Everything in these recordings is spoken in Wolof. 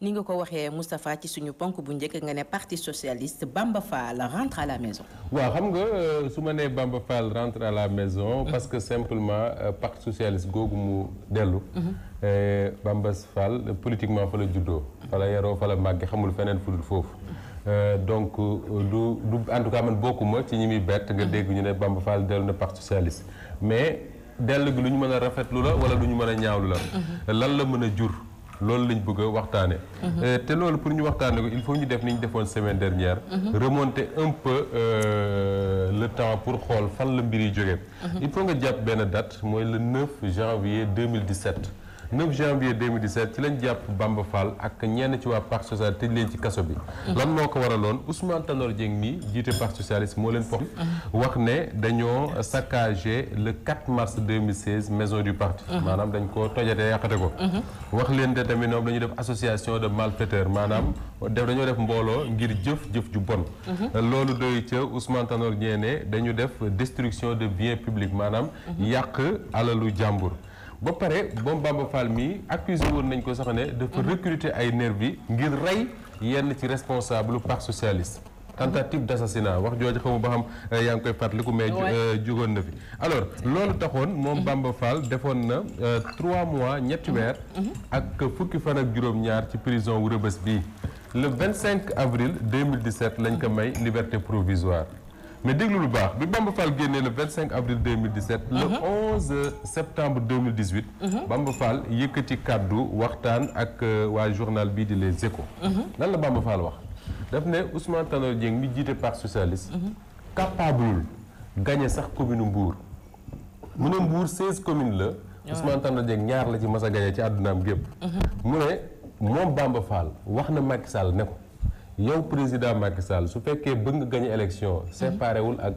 ni nga ko waxee Moustapha ci suñu ponk bu njëkk nga ne parti socialiste Bamba Fall rentre à la maison. waa xam nga euh, su ma nee Bamba Fall rentre à la maison. Mm-hmm. parce que simplement euh, parti socialiste googu mu dellu. Mm-hmm. Euh, Bamba Fall politiquement fa la juddoo. fa la yaroo fa la màgge xamul feneen fu dul foofu. donc du du en tout cas man bokkuma ci ñi muy bett nga mm-hmm. dégg ñu ne Bamba Fall dellu na parti socialiste mais dellu gi lu ñu mën a rafetlu la wala lu ñu mën a ñaawlu la. la mën a jur. loolu lañ bëgg a waxtaane mhm. euh, te loolu pour ñu waxtaane ko il faut ñu def ni ñu defoon semaine dernière mhm. remonter un euh, le temps pour xool fan la mbir yi jógee mhm. il faut nga jàpp benn dat mooy le 9 janvier 2017 9 janvier 2017 ci lañ jàpp Bamba Fall ak ñenn ci waa parti socialiste tëj leen ci kaso bi. lan moo ko waraloon Ousmane Tanor Dieng mii jiite parti socialiste moo leen porte wax ne dañoo saccagé le 4 mars 2016 maison du parti. Mhm. maanaam dañ ko tojate yàqate ko. Mhm. wax leen de tamit ñoom dañu def association de malfaiteurs maanaam def dañoo def mbooloo ngir jëf jëf ju bon. Mhm. loolu doy ca Ousmane Tanor Dieng ne dañu def destruction de biens publics maanaam yàq alalu jàmbur. ba pare moom Bamba Fall mii accusé woon nañ ko saxane ne dafa mhm. recruter ay nervi ngir rey yenn ci responsable parti socialiste tentative d' assassinat wax jooju xamu ba xam euh, yaa ngi koy fàttaliku mais euh, jugoon na fi alors loolu taxoon moom mhm. Bamba Fall defoon na euh, trois mois ñetti weer mhm. ak fukki fan ak juróom-ñaar ci prison wu Rebeuss bii le 25 avril 2017 lañ ko may liberté provisoire mais déglu lu baax bi Bamba Fall génnee le 25 avril 2017. le 11 mhm. septembre 2018. Mhm. Bamba Fall yëkkati kàddu waxtaan ak euh, waa journal bii di Les Échos. Mhm. lan la Bamba Fall wax daf ne Ousmane Tanor Dieng mi jiite parti socialiste. capable gagné sax commune Mbour. mu ne Mbour 16 communes la. Ousmane Tanor Dieng ñaar la ci mas a gagné ci àddunaam gépp mu ne moom Bamba wax na Macky ne ko. yow président Macky Sall su fekkee bëgg nga gagné élection séparé wul ak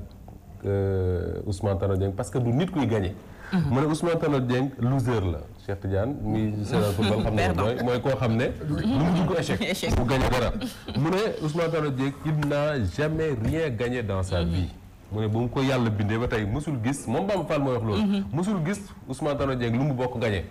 euh, Ousmane Tanor Dieng parce que du nit kuy gagné. mu mhm. ne Ousmane Tanor Dieng loser la Cheikh Tidiane muy sédan football xam mooy koo xam ne lu mu dugg échec bu gagné dara mu ne Ousmane Tanor Dieng n'a jamais rien gagné dans sa mhm. vie mu ne bu mu ko yàlla bindee ba tey mosul gis moom Bamba Fall mooy wax loolu mosul mhm. gis Ousmane Tanor Dieng lu mu bokk gagné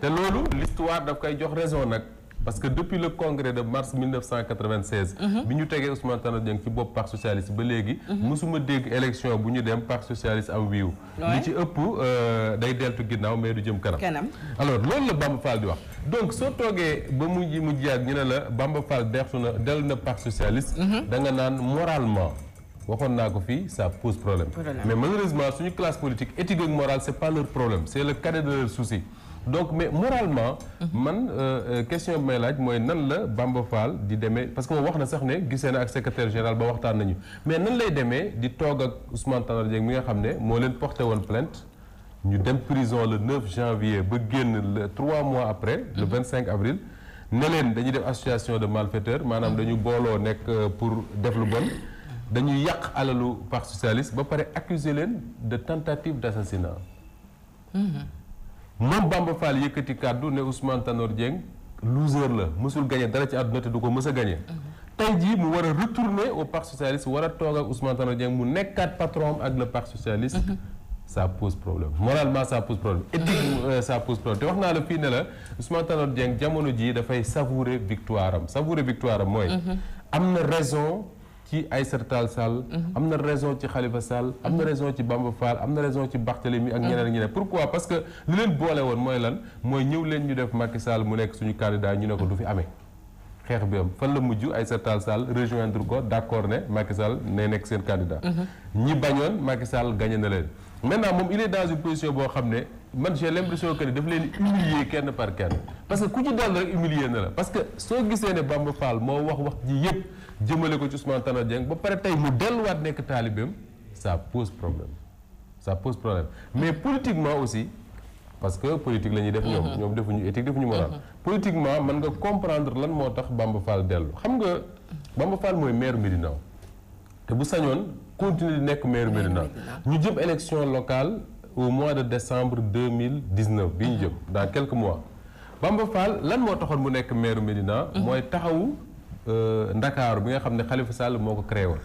te loolu l'histoire daf koy jox raison nag parce que depuis le congrès de mars 1996. bi ñu tegee Ousmane Tanor Dieng ci bopp parti socialiste ba léegi. mosuma dégg élection bu ñu dem parti socialiste am wiiw li ci ëpp euh, day deltu ginnaaw mais du jëm kanam. alors loolu la Bamba Fall di wax. donc soo toogee ba mu ji mu yàgg ñu ne la Bamba Fall deltu na dellu na parti socialiste. Mhm. da nga naan moralement. waxoon naa ko fii ça pose problème. mais malheureusement suñu classe politique éthique ak morale c'est pas leur donc mais moralement. Mhm. man euh, euh, question bi may laaj mooy nan la Bamba Fall di demee parce que moom wax na sax ne gisee na ak secrétaire général ba waxtaan nañu mais nan lay demee di toog ak Ousmane Tanor mi nga xam ne moo leen porté woon plainte ñu dem prison le 9 janvier ba génn le 3 mois après. le 25 mhm. avril. ne leen dañuy def association de malfaiteurs maanaam mhm. dañu booloo nekk euh, pour def lu bon dañu yàq alalu parti socialiste ba pare accuser leen de tentative d' assassinat. Mame Bamba Fall yëkkati kàddu ne Ousmane Tanor Dieng loser la mësul gagné dara ci àdduna te du ko mës a gagné. tey jii mu war a retourner au parti socialiste war a toog ak Ousmane Tanor Dieng mu nekkaat patron ak le parti socialiste. sa mhm. pose problème moralement ça pose problème éthique euh, ça pose problème te wax naa la fii ne la Ousmane Tanor Dieng jamono jii dafay savourer victoire am savourer victoire am mooy. Mhm. am na raison. ci Aïssata Tall Sall mhm. am na raison ci Khalifa Sall am na mhm. raison ci Bamba Fall am na raison ci Barthélemy ak ñeneen mhm. ñeneen pourquoi parce que li leen boole woon mooy lan mooy ñëw ñu def Macky Sall mu nekk suñu candidat ñu ne ko du fi amee xeex bi am fan la mujj Aïssata Tall Sall rejoindre ko d'accord ne Macky Sall ne nekk seen candidat ñi bañoon Macky Sall gagné na leen maintenant moom il dans une position boo xam ne man j'ai l'impression que ne daf leen humilier kenn par kenn parce que ku ci dal rek humilier na la parce que soo gisee ne Bamba Fall moo wax wax ji yëpp jëmale ko ci Ousmane Tanor Dieng ba pare tey mu delluwaat nekk taalibeem ça pose problème ça pose problème mais politiquement aussi parce que politique la ñuy def ñoom mm-hmm. ñoom defuñu ñu defuñu moral mm-hmm. politiquement man nga comprendre lan moo tax Bamba Fall dellu xam nga Bamba Fall mooy maire Médina te bu sañoon continuer di nekk maire Médina ñu jëm élection locale au mois de décembre deux mille dix neuf bi ñu jëm mhm. dans quelques mois Bamba Fall lan moo taxoon bu nekk maire Médina. Mhm. mooy taxawu euh, Ndakaaru bi nga xam ne Khalifa Sall moo ko créé woon.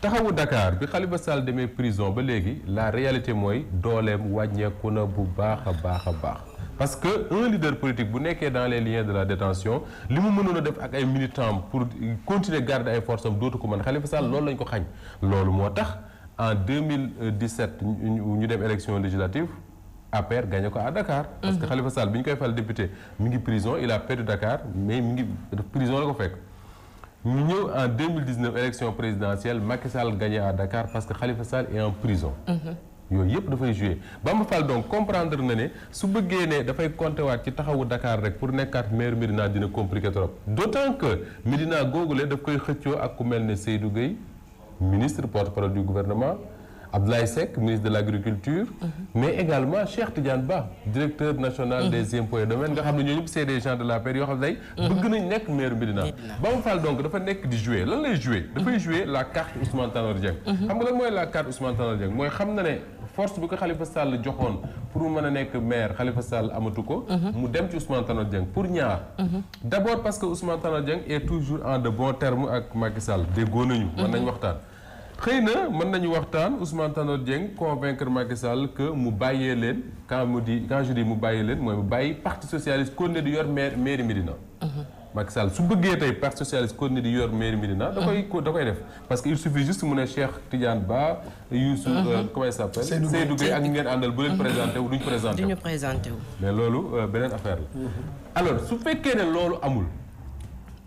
taxawu Dakar bi Khalifa Sall demee prison ba léegi la réalité mooy dooleem wàññeeku na bu baax a baax a baax parce que un leader politique bu nekkee dans les lien de la détention li mu mënoon a def ak ay militants pour continuer garder ay forces am dootu ko mën Khalifa Sall loolu lañ ko xañ loolu moo tax. en 2017 ñu dem élection législative APR gagné ko à Dakar. Mm-hmm. parce que Khalifa Sall bi ñu koy fal député mi ngi prison il a perdu Dakar mais mi ngi prison la ko fekk. ñu ñëw en 2019 élection présidentielle Macky Sall gagné à Dakar parce que Khalifa Sall en prison. Mm-hmm. yooyu yëpp dafay ba Bamba Fall donc comprendre na ne su bëggee ne dafay conte waat ci taxawu dakaar rek pour nekkaat maire Médina dina compliqué trop. d' autant que Médina googule daf koy ak ku mel ne Seydou Gueye. ministre porte-parole du gouvernement Abdoulaye Seck ministre de l'agriculture mhm. mais également Cheikh Tidiane Ba directeur national mhm. des impôts et domaines nga xam ne ñoo ñëpp c'est des gens de la paix yoo xam ne mhm. bëgg nañ nekk maire Médina Bamba Fall donc dafa nekk di jouer lan lay jouer dafay jouer la carte Ousmane Tanor xam nga lan mooy la carte Ousmane Tanor mooy xam na ne force bi ko Khalifa Sall joxoon pour mu mën a nekk maire Khalifa Sall amatu ko. Mhm. mu dem ci Ousmane Tanor Dieng pour ñaar. Mhm. d' abord parce que Ousmane Tanor Dieng est toujours en de bons termes ak Macky Sall déggoo nañu. mën nañu mhm. waxtaan. xëy na mën nañu waxtaan Ousmane Tanor Dieng convaincre Macky Sall mu bàyyee leen quand di quand je mu bàyyee leen mooy mu bàyyi parti socialiste kon ne yor maire mairie Médina. Macky Sall su bëggee tey parti socialiste kon ni di yor mairie Médina da koy da koy def parce que il suffit juste mu ne Cheikh Tidiane Ba Youssou euh, mhm. comment il s'appelle Seydou Gueye ak ñi ngeen àndal bu leen présenté wu duñ présenté wu duñu présenté mais loolu euh, beneen affaire la mhm. alors su fekkee ne loolu amul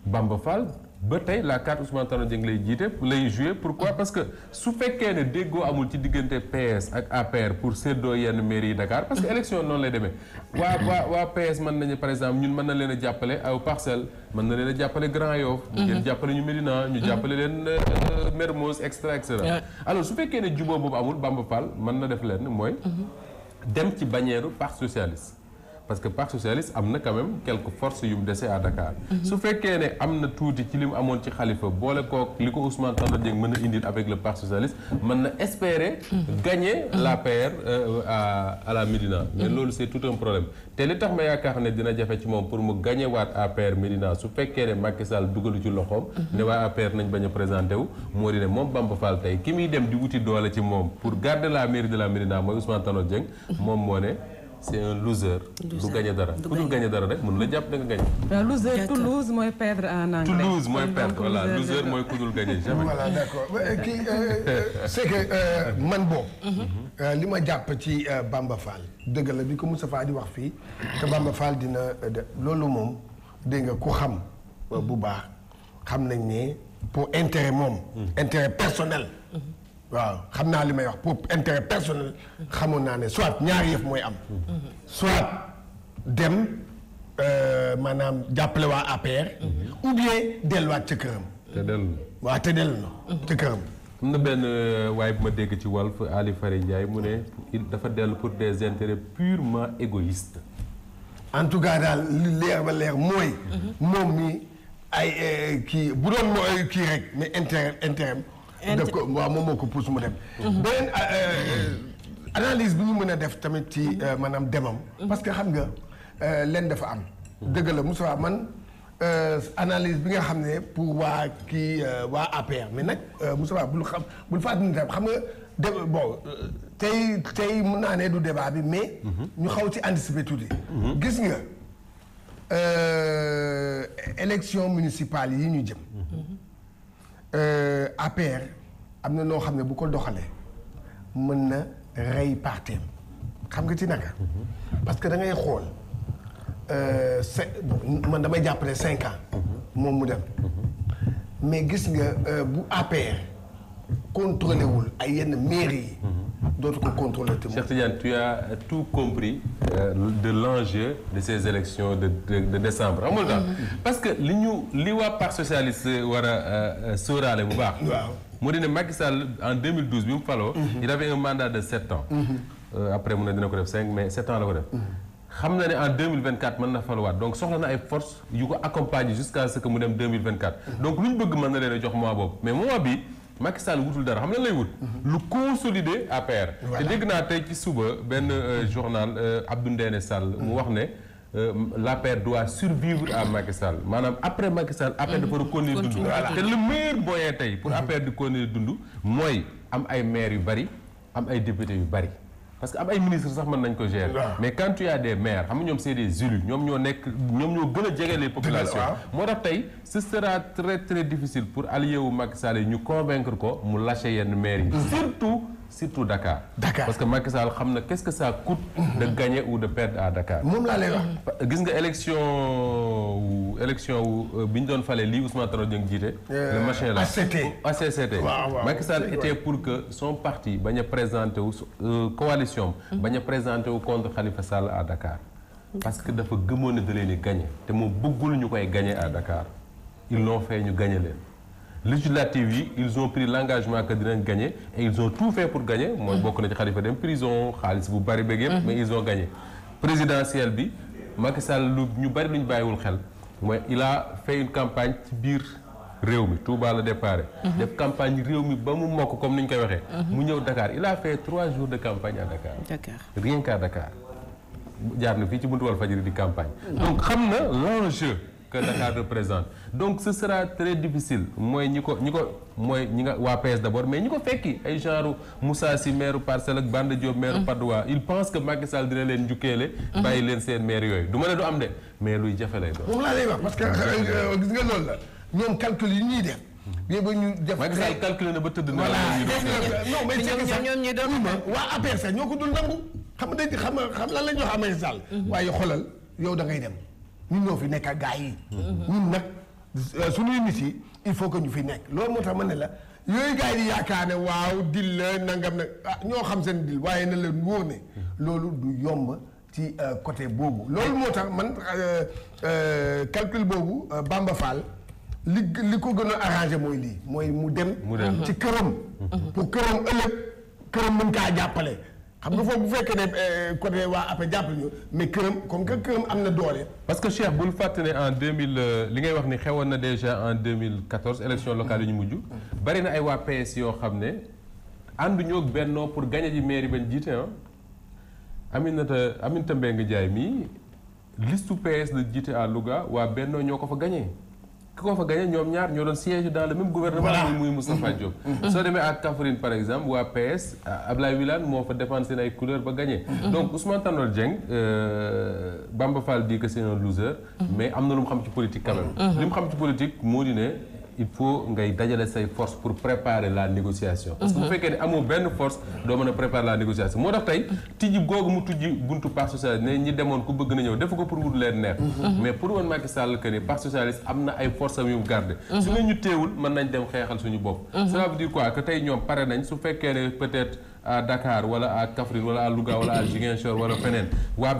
Bamba Fall ba tey la carte Ousmane Tanor Dieng lay jiite lay joué pourquoi parce que su fekkee ne déggoo amul ci diggante PS ak APR pour séddoo yenn mairie yi Dakar parce que élection noonu lay demee waa waa waa PS mën nañu par exemple ñun mën na leen a jàppale aw parcelle mën na leen jàppale Grand Yoff mhm. leen jàppale ñu Médina ñu mhm. jàppale leen euh, Mermoz et cetera et cetera su fekkee ne juboo boobu amul Bamba Fall man na def leen mooy mhm. dem ci bannière parti socialiste parce que parti socialiste am na quand même quelques forces dese à Dakar. Mhm. su fekkee ne am na tuuti ci li mu amoon ci xalifa boole kook li ko Ousmane Tanor Dieng mën a indil avec le parti socialiste mën na espérer. Mhm. gagner mhm. l'APR euh, à à la Médina. mais loolu c'est tout un problème te li tax ma yaakaar ne dina jafe ci moom pour mu gagner waat APR Médina su fekkee ne Macky Sall dugalu ci loxoom. ne waa APR nañ bañ a présenté wu. moo di ne moom Bamba Fall tey ki muy dem di wuti doole ci moom pour garder la mairie de la Médina mooy Ousmane Tanor Dieng moom moo ne. c'est un loser. du gagné dara ku dul gagné dara rek mën la jàpp da nga gagné. waaw loser to mooy perdre en anglais. to lose mooy perdre voilà loser mooy ku dul gagné jamais. voilà d'accord kii euh, c'est que euh, man boobu. Mhm. Euh, li ma jàpp ci Bamba Fall. dëgg la bi ko Moustapha di wax fii te Bamba Fall dina loolu moom dégg nga ku xam bu baax xam nañ ne pour intérêt moom. Mhm. intérêt personnel. waaw xam naa li may wax pour intérêt personnel xamoon naa ne soit ñaari yëf mooy am. soit dem euh, maanaam jàppale waa APR. ou bien delluwaat ca këram. te dellu na waaw te dellu na. ca xam na benn euh, waaye bu ma dégg ci Walf Ali Fary Ndiaye mu ne dafa dellu pour des intérêts purement égoïstes. en tout cas daal leer ba leer mooy. Mhm. moom mi ay euh, kii bu doon mooy kii rek mais intérêt intérêt. def ko moom moo ko pousse mu dem. beneen euh, euh, analyse bi ñu mën a def tamit ci euh, maanaam demam. parce que xam nga leen dafa am. dëgg la Moussa man analyse bi nga xam ne pour waa kii waa APR mais nag Moussa bul xam bul fàttali tam xam nga dé bon tey tey mën naa ne du débat bi mais. ñu xaw ci anticiper tuuti. gis nga élection municipale yi ñu jëm. Euh, APR am na loo xam ne bu ko doxalee mën na rey parteem xam nga ci naka. Mhm. parce que da ngay xool euh, man damay jàppale cinq ans. Mhm. moom mu dem. Mhm. mais gis nga euh, bu APR. contrôlé wul ay yenn mairie mhm. dootu ko contrôlé te Cheikh Tidiane tu as tout compris euh, de l'enjeu de ces élections de de, de décembre amul daal mhm. parce que li ñu li waa parti socialiste war a euh, euh, sóoraale bu baax. waaw moo di ne Macky Sall en 2012 bi mu faloo. Mhm. il avait un mandat de sept ans. après mun na dina ko def cinq mais sept ans la ko xam na ne en 2024 mën na faluwaat donc soxla na ay force yu ko accompagner jusqu'à ce que mu dem donc lu ñu bëgg mën na leen jox mois boobu mais mois bi. Macky Sall wutul dara xam lan lay wut. Mhm. lu consolider APR. te dégg naa tey ci suba benn euh, journal euh, Abdou Ndéné Sall. mu mhm. wax ne euh, l'APR doit survivre à Macky Sall maanaam après Macky Sall. APR dafa mhm. continuer dund. te le meilleur moyen tey pour APR di continuer dund. mooy am ay maire yu bari am ay député yu bari. parce que am ay ministre sax mën nañ ko gérer. mais quand tu as des maires xam nga ñoom c'est des élus ñoom ñoo nekk ñoom ñoo gën a jege les populations moo tax tey ce sera très très difficile pour allié wu Macky ñu convaincre ko mu lâcher yenn maire yi mm-hmm. surtout surtout Dakar. Dakar parce que Macky Sall xam na qu'est-ce que ça coûte. de gagner ou de perdre à Dakar. moom laa lay wax. gis nga élection wu élection wu euh, bi ñu doon falee lii Ousmane Tanor Dieng jiite. Euh, le machin là était pour que son parti bañ a présenté wu euh, coalition am. Mhm. bañ a présenté wu contre Khalifa Sall à Dakar. parce que dafa gëmoon ne da leen di te moom bëggul ñu koy gagné à Dakar ils l'ont fait ñu gagné leen. législatives yi ils ont pris l'engagement que dinañ gagner et ils ont tout fait pour gagner mooy bokk na ci Khalifa dem prison xaalis bu bari beeg yëpp. Mm-hmm. mais ils ont gagné présidentielle bi Macky Sall lu ñu bari lu ñu bàyyiwul xel mooy il a fait une campagne ci biir réew mi Touba la départ. Mm-hmm. def campagne réew mi ba mu mokk comme ni ñu koy waxee. Mm-hmm. mu ñëw dakaar il a fait trois jours de campagne à Dakar. Dakar rien qu'à Dakar. jaar na fii ci buntu Walfadjri di campagne. donc xam na l'enjeu. que Dakar représente donc ce sera très difficile mooy ñi ko ñi ko mooy ñi nga waa PS d'abord mais ñi ko fekki ay genre musaa si maire Parcelles ak Banda Diop maire Patte d'Oie il pense que Macky Sall dina leen njukkeele bàyyi leen seen maire yooyu duma ma ne du am de mais luy jafe lay doon moom laa lay wax parce que euh, euh, gis nga loolu la ñoom calcul yi ñuy def yéen ba ñu def Macky Sall calculé na ba tëdd na non mais ñoom ñu doon ma waa APR sax ñoo ko dul nangu xam nga dañ xam nga xam lan lañ jox Amady Sall mhm. waaye xoolal yow da ngay dem ñun ñoo fi nekk ak gars yi. ñun nag euh, suñuy nit yi il faut que ñu fi nekk loolu moo tax ma ne la yooyu gars yi di yaakaar ne waaw dil la nangam nag ah, ñoo xam seen dil waaye na leen wóor ne loolu du yomb ci euh, côté boobu loolu moo tax man euh, calcul boobu Bamba Fall li li ko gën a arrangé mooy lii mooy mu dem. ci këroom pour këram ëllëg këram mën kaa jàppale. xam nga foofu bu fekkee ne euh, côté waa après jàpp ñu mais këram comme que këram am na doole. parce que Cheikh bul fàtte en deux mille euh, li ngay wax ni xewoon na déjà en deux mille quatorze élection locale yi ñu mujj. bari na ay waa PS yoo xam ne ànduñoo ak Benno pour gagner ji mairie ba jiite ah. Aminata Aminata Mbengue Ndiaye mii liste PS la jiite à Louga waa Benno ñoo ko fa gagné. ki ko fa gagné ñoom ñaar ñoo doon siège dans le même gouvernement. voilà muy Moustapha Diop. Mm-hmm. Mm-hmm. soo demee ak Kaffrine par exemple waa PS Ablaye Wilane moo fa défendre ay couleurs ba gagné. Mm-hmm. donc Ousmane Tanor Dieng euh, Bamba Fall dit que loser. mais am na lu mu xam ci politique quand même. mu xam ci politique moo di ne. il faut ngay dajale say force pour préparer la négociation parce que bu mhm. fekkee ne amoo benn force doo mën a préparer la négociation moo tax tey tijji googu mu tijji buntu parti socialiste ne ñi demoon ku bëgg na ñëw def ko pour wut leen neex mhm. mais pour woon Macky Sall que ni parti socialiste am na ay force am yu garde mhm. su nga ñu teewul mën nañ dem xeexal suñu bopp cela veut dire quoi que tey ñoom pare nañ su fekkee ne peut-être à Dakar wala à Kaffrine wala à Louga wala à Ziguinchor wala feneen waa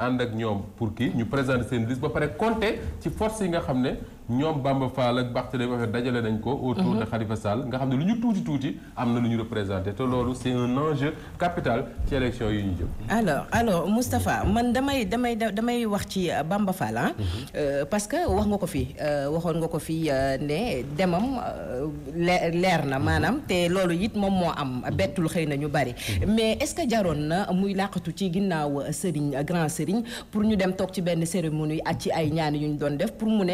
ànd ak ñoom pour kii ñu présenter seen liste ba pare compter ci force yi nga xam ne ñoom Bamba Fall ak Barthélémy Dias dajale nañ ko autour de mhm. Khalifa Sall nga xam ne lu ñu tuuti tuuti am na lu ñu représenté te loolu c'est un enjeu capital ci élection yi ñu jëm alors alors Moustapha man damay damay damay wax ci Bamba Fall ah parce que wax nga ko fii euh, waxoon nga ko fii euh, ne demam leer na mhm. maanaam te loolu it moom moo am bettul xëy na ñu bari mais est-ce que jaroon na muy làqatu ci ginnaaw sëriñ grand sëriñ pour ñu dem toog ci benn cérémonie ak ci ay ñaan yu doon def mu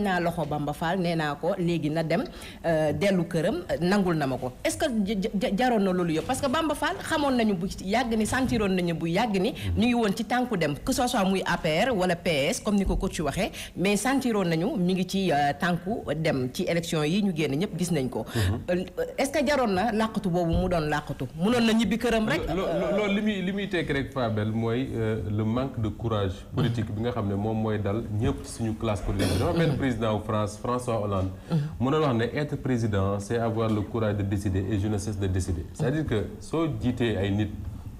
joxoñ naa loxo Bamba Fall naa ko léegi na dem euh, dellu këram nangul na ma ko est-ce que jaroon na loolu yëpp parce que Bamba Fall xamoon nañu bu yàgg ni sentiroon nañu bu yàgg ni mm. ñu ngi woon ci tànku dem que ce soit muy APR wala comme ni ko coach waxee mais sentiroon nañu ñu ngi ci euh, tànku dem ci élection yi ñu génn ñëpp gis nañ ko mm-hmm. euh, est-ce que jaroon na làqatu boobu mu doon làqatu munoon na ñibbi këram rek loolu li muy li muy tekk rek Fabel mooy le manque de courage politique bi nga xam ne moom mooy dal ñëpp suñu classe politique président wu France François Hollande. mu doon wax ne être président c' avoir le courage de décider et je ne cesse de décider. c' dire que soo jiitee ay nit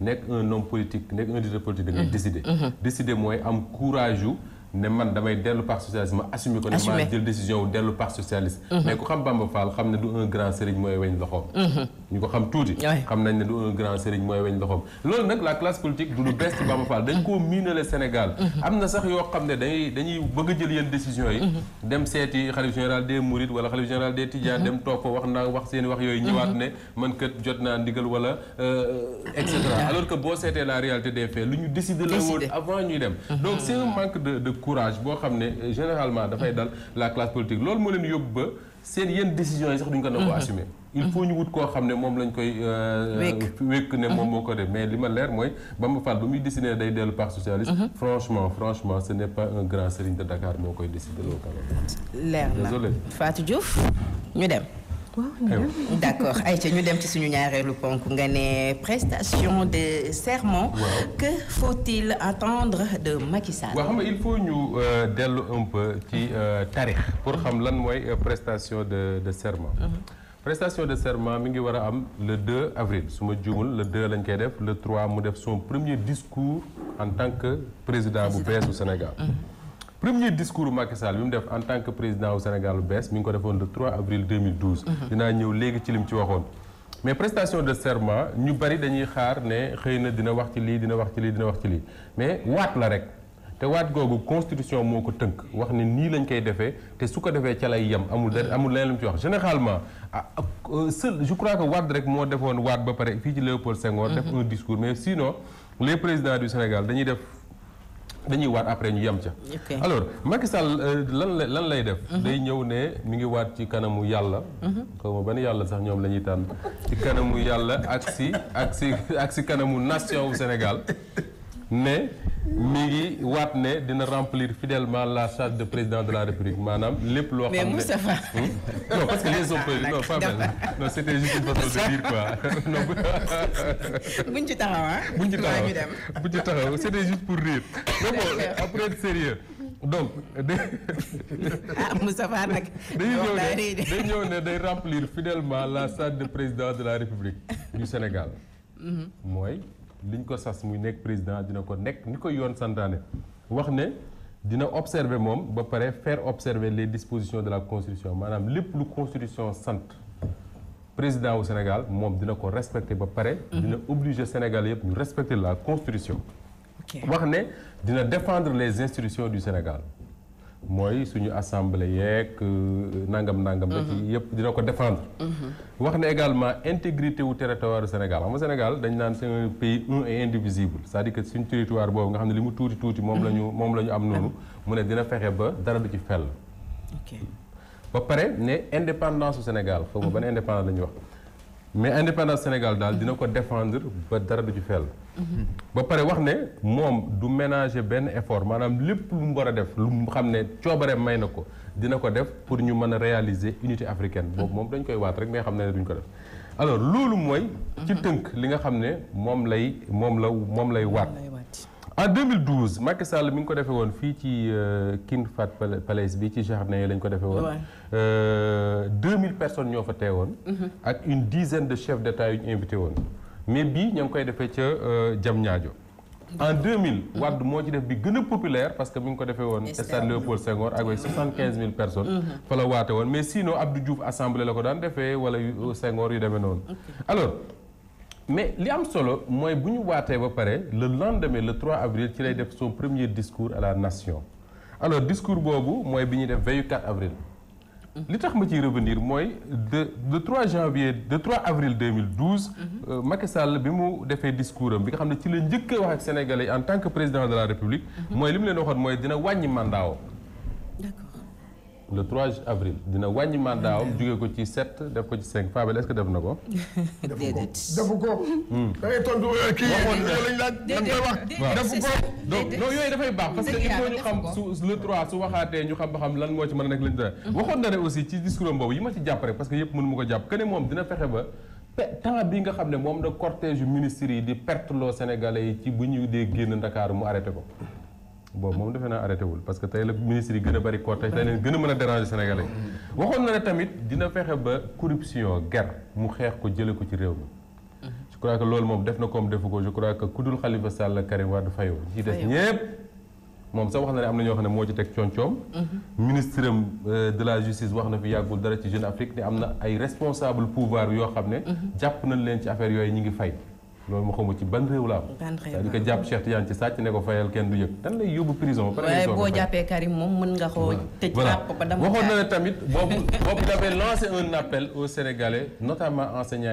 nekk un homme politique nekk un leader politique da nga mmh. Mmh. décider. mooy am courage ne man damay dellu parti socialiste ma assumé ko ne maa jël décision wu dellu parti socialiste mhm. mais ku xam Bamba Fall xam ne du un grand sëriñ mooy weñ loxoom mhm. ñu ko xam tuuti xam nañ ne du un grand sëriñ mooy weñ loxoom loolu nag la classe politique du lu bees Bamba Fall dañ koo miinale Sénégal mhm. am na sax yoo xam ne dañuy bëgg a jël yenn décision yi dem seeti xalif général des Mourides wala xalif général des Tidianes dem toog wax naa wax seen wax yooyu euh, boo seetee la réalité des faits courage boo xam ne euh, généralement dafay dal la classe politique loolu moo leen yóbbu ba seen yenn décisions yi sax duñ ko nangoo mhm. il faut ñu wut koo xam ne moom lañ koy euh, wékk ne moom mhm. moo ko def mais li ma leer mooy Bamba Fall ba muy décider day dellu parti socialiste mhm. franchement franchement ce n'est pas un grand serigne de Dakar moo koy décider loolu quand même leer na Fatou Diouf ñu dem d'accord ah Aïcha ñu dem ci suñu ñaareelu ponk nga ne prestation de serment. que faut-il attendre de Macky Sall. waaw xam nga il faut ñu euh, dellu un peu ci euh, tarix pour xam lan mooy euh, prestation de de serment. Mhm. prestation de serment mi ngi war a am le 2 avril su ma juumul le 2 lañ koy def le trois mu def son premier discours en tant que président bu beesu Sénégal. Mhm. premier discours Macky Sall bi mu def en tant que président wu Sénégal lu bees ngi ko defoon le 3 avril 2012. Mhm. dinaa ñëw léegi ci lim ci waxoon. mais prestation de serment ñu bari dañuy xaar ne xëy na dina wax ci lii dina wax ci lii dina wax ci lii mais waat la rek. te waat googu constitution moo ko tënk wax ni nii lañ koy defee te su ko defee ca lay yem amul da amul leneen lu mu ci wax généralement seul je crois que waat rek moo defoon waat ba pare fii ci Léopold Senghor. Mhm. def un discours mais sinon les présidents du Sénégal dañuy def. dañuy waat après ñu yem ca. alors Macky Sall euh, lan lay lan lay def. Mhm. day ñëw ne mi ngi waat ci kanamu yàlla. Mhm. xaw ma ban yàlla sax ñoom lañuy tànn ci kanamu yàlla ak si ak si ak si kanamu nation wu Sénégal. ne mi ngi waat ne dina remplir fidèlement la charge de président de la république maanaam lépp loo xam ne mais Moustapha. Hmm? non parce que les opposants non pas non c' était juste une façon de dire quoi. buñ ci taxaw ah. ci taxaw buñ juste pour rire. bon après être donc de. ah nag. dañuy ñëw ne day remplir fidèlement la charge de président de la république du Sénégal. Mm-hmm. liñ ko sas muy nekk président dina ko nekk ni ko yoon santaane wax ne dina observer moom ba pare faire observer les dispositions de la constitution maanaam lépp lu constitution sant président wu Sénégal moom dina ko respecter ba pare dina mhm. obliger Sénégal yëpp ñu respecter la constitution wax ne dina défendre les institutions du Sénégal mooy suñu assemblée yeeg euh, nangam nangam. la mhm. ci yëpp dina ko défendre. Mhm. wax ne également integrité wu territoire Sénégal xam nga Sénégal dañ naan c'est un un et indivisible c'est-à-dire que suñu territoire boobu nga xam ne li mu tuuti tuuti. moom lañu mhm. moom la ñu am noonu. mu ne dina fexe ba dara du ci fell. ba pare ne indépendance su Sénégal foofu ban indépendance la ñuy wax mais indépendance Sénégal daal dina ko défendre ba dara du ci fell. Mhm. ba pare wax ne moom du ménager benn effort maanaam lépp lu mu war a def lu mu xam ne coobare may na ko dina ko def pour ñu mën a réaliser unité africaine mhm. boobu moom dañ koy waat rek mais xam ne duñ ko def alors loolu mooy ci mhm. tënk li nga xam ne moom lay moom la moom lay waat en 2012 Macky Sall mi ngi ko defee woon fii ci euh, King Fahd Palace bi ci jardin lañ ko defee woon. 2000 euh, personnes ñoo fa woon ak une dizaine de chefs d'État yu ñu invité woon. mais bii ñoo ngi koy defee ca jam euh, Diamniadio en mille mm-hmm. Wade moo ci def bi gën a populaire parce que mu ngi ko defee woon stade Léopold Senghor ak ay 75 mm-hmm. 000 personnes mm-hmm. fa la waate woon mais sinon Abdou Diouf assemblée la ko daan defee wala euh, Senghor yu demee noonu alors mais li am solo mooy bu ñu waatee ba pare le lendemain le 3 avril ci lay def son premier discours la nation alors discours boobu mooy bi ñuy def veillu 4 avril li tax ma ci revenir mooy de de 3 janvier de 3 avril 2012. Mhm. Euh, Macky Sall bi mu defee discours am bi nga xam ne ci la njëkk a wax ak sénégalais en tant que président de la république. Mhm. mooy li mu leen waxoon mooy dina wàññi mandat d'accord le 3 avril dina wàññi mandaawam jóge ko ci 7 def ko ci 5 Fabel est-ce que def na ko. defu ko defu ko. Hmm. Eh, kii lañ laaj. déedéet déedéet dafay baax parce que il ñu xam su le su waxaatee ñu xam ba xam lan moo ci mën a nekk lañ dara. waxoon na ne aussi ci discours boobu yi ma ci jàpp rek parce que yëpp mënu ma ko jàpp que moom dina fexe ba. temps bi nga xam ne moom na cortège ministres yi di perte loo Sénégalais yi ci bu ñu dee génn Ndakaaru mu arrêté ko. bo moom defe naa arrêté parce que tey la ministre yi gën a bari cortège tey leen gën a mën a déranger sénégalais waxoon na ne tamit dina fexe ba corruption ger mu xeex ko jële ko ci réew mi je crois que loolu moom def na comme defu ko je que ku dul Khalifa Sall Karim Wade fayoo ci des ñëpp moom sa wax na ne am na ñoo xam ne moo ci teg coom-coom mhm. ministre am euh, de la justice wax na fi yàggul dara ci Jeune Afrique ne am na ay responsable pouvoir yoo xam ne mhm. jàpp nañ leen ci affaire yooyu ñu ngi fay loolu ma xamuma ci ban réew la am. ban réew la que jàpp Cheikh Tidiane ci sàcc ne ko fayal kenn du yëg. dan boo jàppee Karim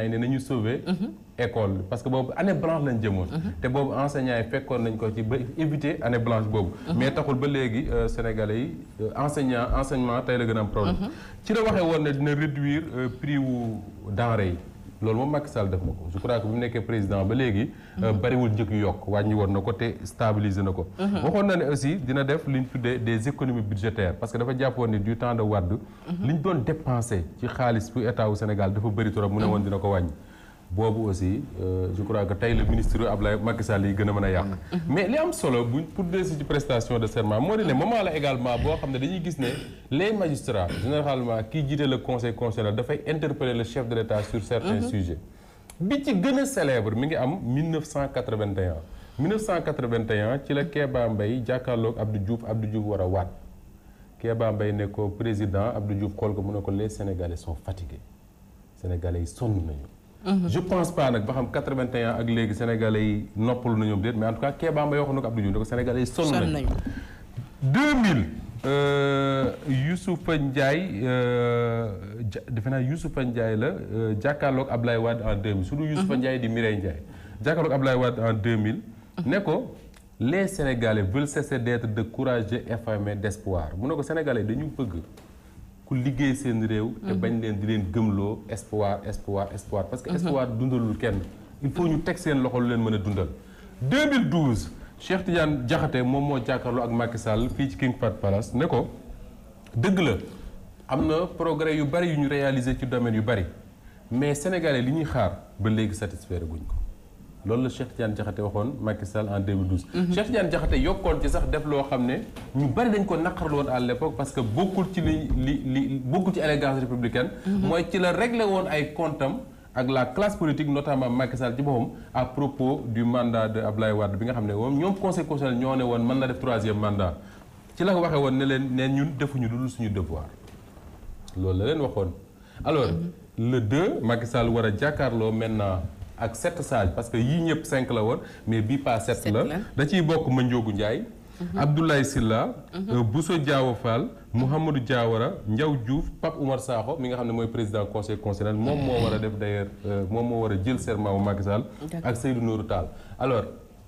na nañu sauver mhm. école parce que boobu année blanche lañ jëmoon. Mhm. te boobu enseignants yi fekkoon nañ ko ci ba éviter année blanche boobu. Mhm. mais taxul ba léegi euh, Sénégalais yi euh, enseignant enseignement tey la gën a am problème. ci la waxee woon ne dina réduire euh, prix wu denrée yi. loolu moom Macky Sall def na ko je que bu mu nekkee président ba léegi euh, mhm. bariwul njëkk yu yokk wàññi woon na ko te stabiliser na ko mhm. waxoon na ne aussi dina def li ñu tuddee des économies budgétaires parce que dafa jàppoon ni du temps de Wade mhm. li ñu doon dépensé ci xaalis bu état wu Sénégal dafa bëri trop mu ne woon dina ko wàññi boobu aussi euh, je crois que tey le ministre Abdoulaye Macky Sall yi gën a mën a yàq. Mm-hmm. mais li am solo bu pour des ci prestation de serment moo di ne moment la également boo xam ne dañuy gis ne les magistrats généralement kii jiite le conseil constitutionnel dafay interpeller le chef de l' état sur certains mm-hmm. sujets. bi ci gën a célèbre mi ngi am 1981 1981 ci la Kéba Mbaye jàkkaarloog Abdou Diouf Abdou Diouf war a waat Kéba Mbaye ne ko président Abdou Diouf xool ko mu ne ko les sénégalais sont fatigués sénégalais yi sonn Mhm. je pense pas nag ba xam 81 ak léegi sénégalais yi noppalu na ñoom déet mais en tout cas Kéba Mbaye waxoon na ko Abdou Diouf ne ko sénégalais yi sonn nañu 2000 euh, Youssoufa Ndiaye euh, defe naa Youssoufa Ndiaye la euh, jàkkaarloog Ablaye mhm. di Mireille Ndiaye jàkkaarloog Ablaye Wade en mhm. ne ko les sénégalais veulent cesser d'être de courageux affamés d'espoir mu ne ko sénégalais dañu bëgg ku liggéey seen réew. te mhm. bañ leen di leen gëmloo espoir espoir espoir. parce que mhm. espoir dundalul kenn. il faut ñu teg seen loxo lu leen mën a dundal. 2012 Cheikh Tidiane Diakhaté moom moo jàkkaarloo ak Macky Sall fii ci King Fahd Palace ne ko dëgg la am na progrès yu bari yu ñu réalisé ci domaine yu bari mais sénégalais li ñuy xaar ba léegi satisfaire guñ ko. loolu la Cheikh Tidiane Diakhaté waxoon Macky Sall en 2012. Mhm. Cheikh Tidiane Diakhaté yokkoon ci sax def loo xam ne ñu bari dañ ko naqarlu woon à l'époque parce que bokkul ci li li li bokkul ci élégance républicaine. Mhm. mooy ci la réglé woon ay comptam ak la classe politique notamment Macky Sall ci boppam à propos du mandat de Abdoulaye Wade bi nga xam ne moom ñoom conseil ñoo ne woon mën na def troisième mandat ci la ko waxee woon ne leen ne ñun defuñu lu dul suñu devoir loolu la waxoon alors mhm. le 2 Macky war a jàkkaarloo maintenant. ak set sages parce que yii ñëpp cinq la woon mais bii pas sept la da ciy bokk Mandiogou Ndiaye mhm. Abdoulaye Sylla mhm. euh, Bousso Diawa Fall Mouhamadou Diawara njaw Diouf Pape Oumar Sakho mi nga xam ne mooy président conseil constitutionnel moom moo war a def d'ailleurs euh, moom moo war a jël serment wu Macky Sall ak Seydou Nourou taal alors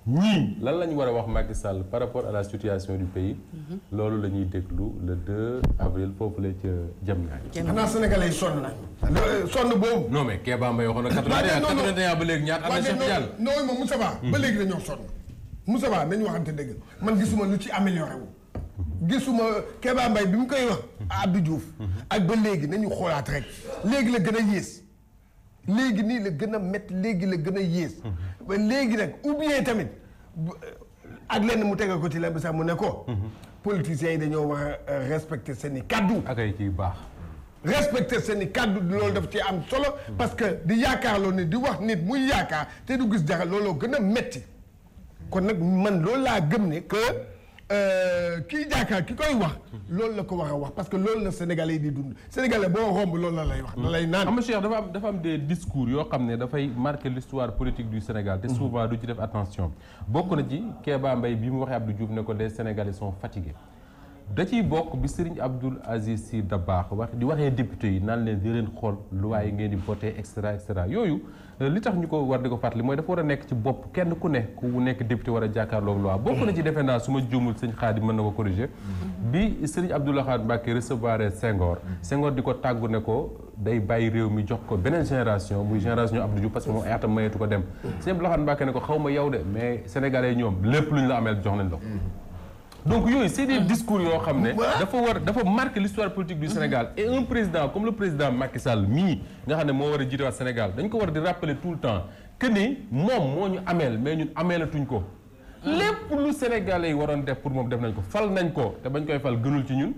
ñii lan la ñu war a wax Macky Sall par rapport à la situation du pays. Mhm. loolu la ñuy déglu le 2 avril foofu la ca Diamniadio. xanaa sénégalais yi sonn nañu. Euh, sonn boobu. non mais Kéba Mbaye waxoon na. quatre-vingt-un ba léegi ñaata. ana Cheikh Diallo non moom Moussa Ba. ba hmm. léegi dañoo sonn. Moussa Ba nañu waxante dëgg man gisuma lu ci amélioré hmm. gisuma Kéba mbay bi mu koy wax. Hmm. Abdou Diouf. ak ba léegi nañu xoolaat rek. léegi la gën a yées. léegi nii la gën a métti léegi la gën a yées. léegi nag ou bien tamit. ak lenn mu tegal ko ci lemb sax mu ne ko. politiciens yi dañoo war a respecter seen i kaddu. ak ay baax. respecter seen i kaddu loolu daf ci am solo. parce que di yaakaarloo nit di wax nit muy yaakaar te du gis dara loo gën a metti kon nag man loolu laa gëm ne que. Euh, kii jaakaar ki koy wax loolu la ko war wax parce que loolu la sénégalais yi di dund sénégalais boo romb loolu la lay wax da lay naan am Cheikh dafa am dafa am des discours yoo xam ne dafay marquer l'histoire politique du Sénégal te souvent du ci def attention bokk na ci Kéba mbay bi mu waxee Abdou Diouf ne ko de sénégalais son fatigués da ciy bokk bi Serigne Abdoul Aziz Sy baax wax di waxee député yi naan leen di xool loi yi ngeen di voté et cetera et yooyu li tax ñu ko war di ko li mooy dafa war a nekk ci bopp kenn ku ne ku nekk député war a jàkkaarloog loi mm. bokk na ci defe naa su ma juumul sëñ Xaadim mën na ko corriger mm. bi sëriñ Abdoulaye Khane Mbacké recevoir Senghor mm. Senghor di ko tàggu ne ko day bàyyi réew mi jox ko beneen génération muy génération Abdou Diouf parce que moom ay atam mayeetu ko dem sëriñ Abdoulaye Khane ne ko xaw ma yow de mais sénégalais ñoom lépp lu ñu la ameel jox nañ la donc yooyu c'est des discours yoo xam ne dafa war dafa marquer l'histoire politique du mhm. Sénégal et un président comme le président Macky Sall mii nga xam ne moo war a jiitewaat Sénégal dañ ko war di rappeler tout le temps que ni moom moo ñu ameel mais ñun ameelatuñ ko mhm. lépp lu Sénégalais yi waroon def pour moom def nañ ko fal nañ ko te bañ koy fal gënul ci ñun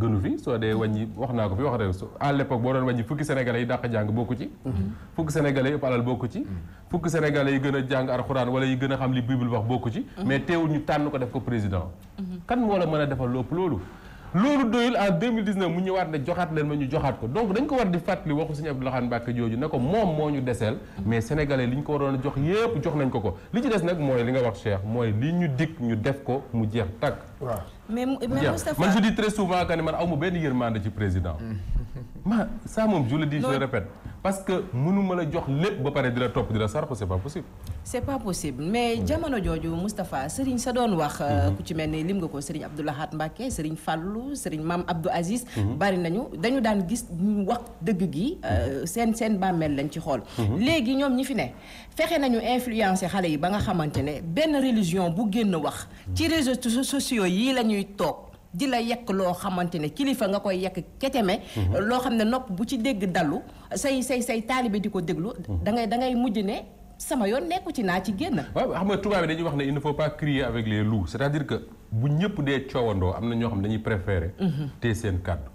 gënu fi mm-hmm. soo dee wàññi wax naa ko fi wax ren à l'époque boo doon wàññi fukki sénégalais yi dàq jàng bokku ci mm-hmm. fukki sénégalais yi ëpp alal bokk ci mm-hmm. fukki sénégalais yi gën a jàng alxuraan wala yi gën a xam li bible wax bokku ci mais teewul ñu tànn ko def ko président kan moo la mën a defal lopp loolu loolu doyul en 2019 mu ñëwaat ne joxaat leen ma ñu joxaat ko donc dañ ko war di fàttali waxu suñu Abdou Lahad Mbacké jooju ne ko moom moo ñu deseel mais sénégalais li ñu ko waroon a jox yépp jox nañ ko ko li ci des nag mooy li nga wax Cheikh mooy li ñu dikk ñu def ko mu jeex tàkk. waaw mais mais Moustapha man je dis très souvent que man aw ma benn yërmande ci président. Mm. ma ça moom je le dis je parce que mënuma ma la jox lépp ba pare di la topp di la sarxu c'est pas possible c'est pas possible mais mm. jamono jooju Moustapha Serigne sa doon wax euh, mm-hmm. ku ci mel ni lim nga ko Serigne Abdou Lahad Mbacké Serigne Fallou Serigne Mame Abdou Aziz mm-hmm. bari nañu dañu daan gis wax dëgg gi euh, mm-hmm. seen seen bàmmeel lañ ci xool léegi ñoom ñi fi ne fexe nañu influencer xale yi ba nga xamante ne benn religion bu génn wax ci réseaux sociaux yi la ñuy toog di la yekk loo xamante ne kilifa nga koy yekk keteme mhm. loo xam ne nopp bu ci dégg dallu say say say taalibe di ko déglu mhm. da ngay da ngay mujj ne sama yoon nekku ci naa ci génn waaw xam nga tubaab bi dañuy wax ne il bu ñëpp dee coowandoo am na ñoo xam ne dañuy préféré mhm. te seen kàddu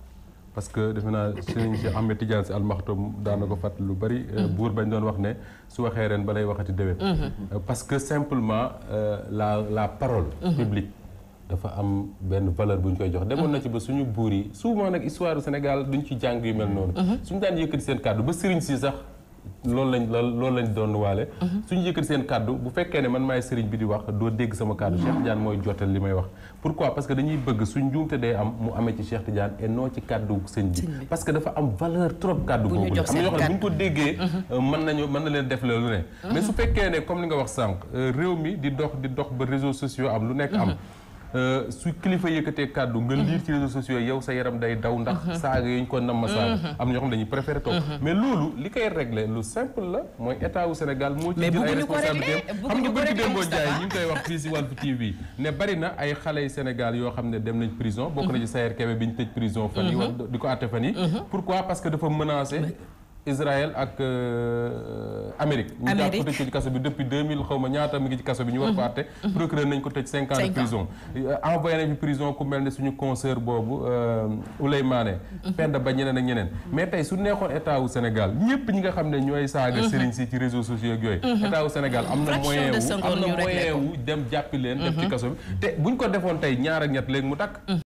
parce que defe naa sëriñ si Ahmed Tidiane si almaxtum daana ko fàttali lu bari euh, buur bañ doon wax ne su waxee ren balay waxati déwén euh, parce que simplement euh, la la parole publique dafa am benn valeur bu ñu koy jox demoon na ci ba suñu buur yi souvent nag histoire du Sénégal ci jàng yu mel mm-hmm. noonu mm-hmm. suñu daan yëkkati seen kàddu ba sëriñ si sax loolu lañ loolu lañ doon waale mm-hmm. suñu yëkkati seen kàddu bu fekkee ne man maay sëriñ bi di wax doo dégg sama kàddu Cheikh Tidiane mooy jotal li may wax pourquoi parce que dañuy bëgg suñ njuumte am mu amee ci Cheikh Tidiane et non ci kàddu sëñ bi que dafa am valeur trop kàddu boobu am na bu ñu ko déggee euh, mën nañu mën na leen def la lu ne mais su fekkee ne comme li nga wax sànq euh, réew mi di dox di dox ba réseau sociaux am lu nekk am Euh, su kilifa yëkkatee kàddu nga mhm. liir ci réseaux sociaux yow sa yaram day daw ndax mhm. saaga yi ñu ko nam ma saaga mhm. am ñoo xam dañuy préféré toog mais loolu li koy régler lu simple la mooy état wu Sénégal moo ci jël ay responsabilité ñu ngi koy wax fii si Walf TV ne bari na ay xale Sénégal yoo xam ne dem nañ prison bokk na ci Sayer bi ñu tëj prison fan yi di ko àtte fan yi pourquoi parce que dafa menacé Israël ak euh, euh, Amérique ñu jàpp ko tëj ko ci kaso bi depuis 2000 xaw ma ñaata mi ngi ci kaso bi ñu war ko mhm. àtte mhm. procureur nañ ko tëj cinq ans de prison euh, envoyé nañ fi prison ku mel ne suñu consoeur boobu Ouleymaane mhm. Penda ba ñeneen ak ñeneen mais tey su neexoon état wu Sénégal ñëpp ñi nga xam ne ñooy saaga sëriñ si ci réseau sociaux ak yooyu état wu Sénégal am na moyen am na moyen dem jàppi leen def ci kaso bi te buñ ko defoon tey ñaar ak ñett léegi mu takk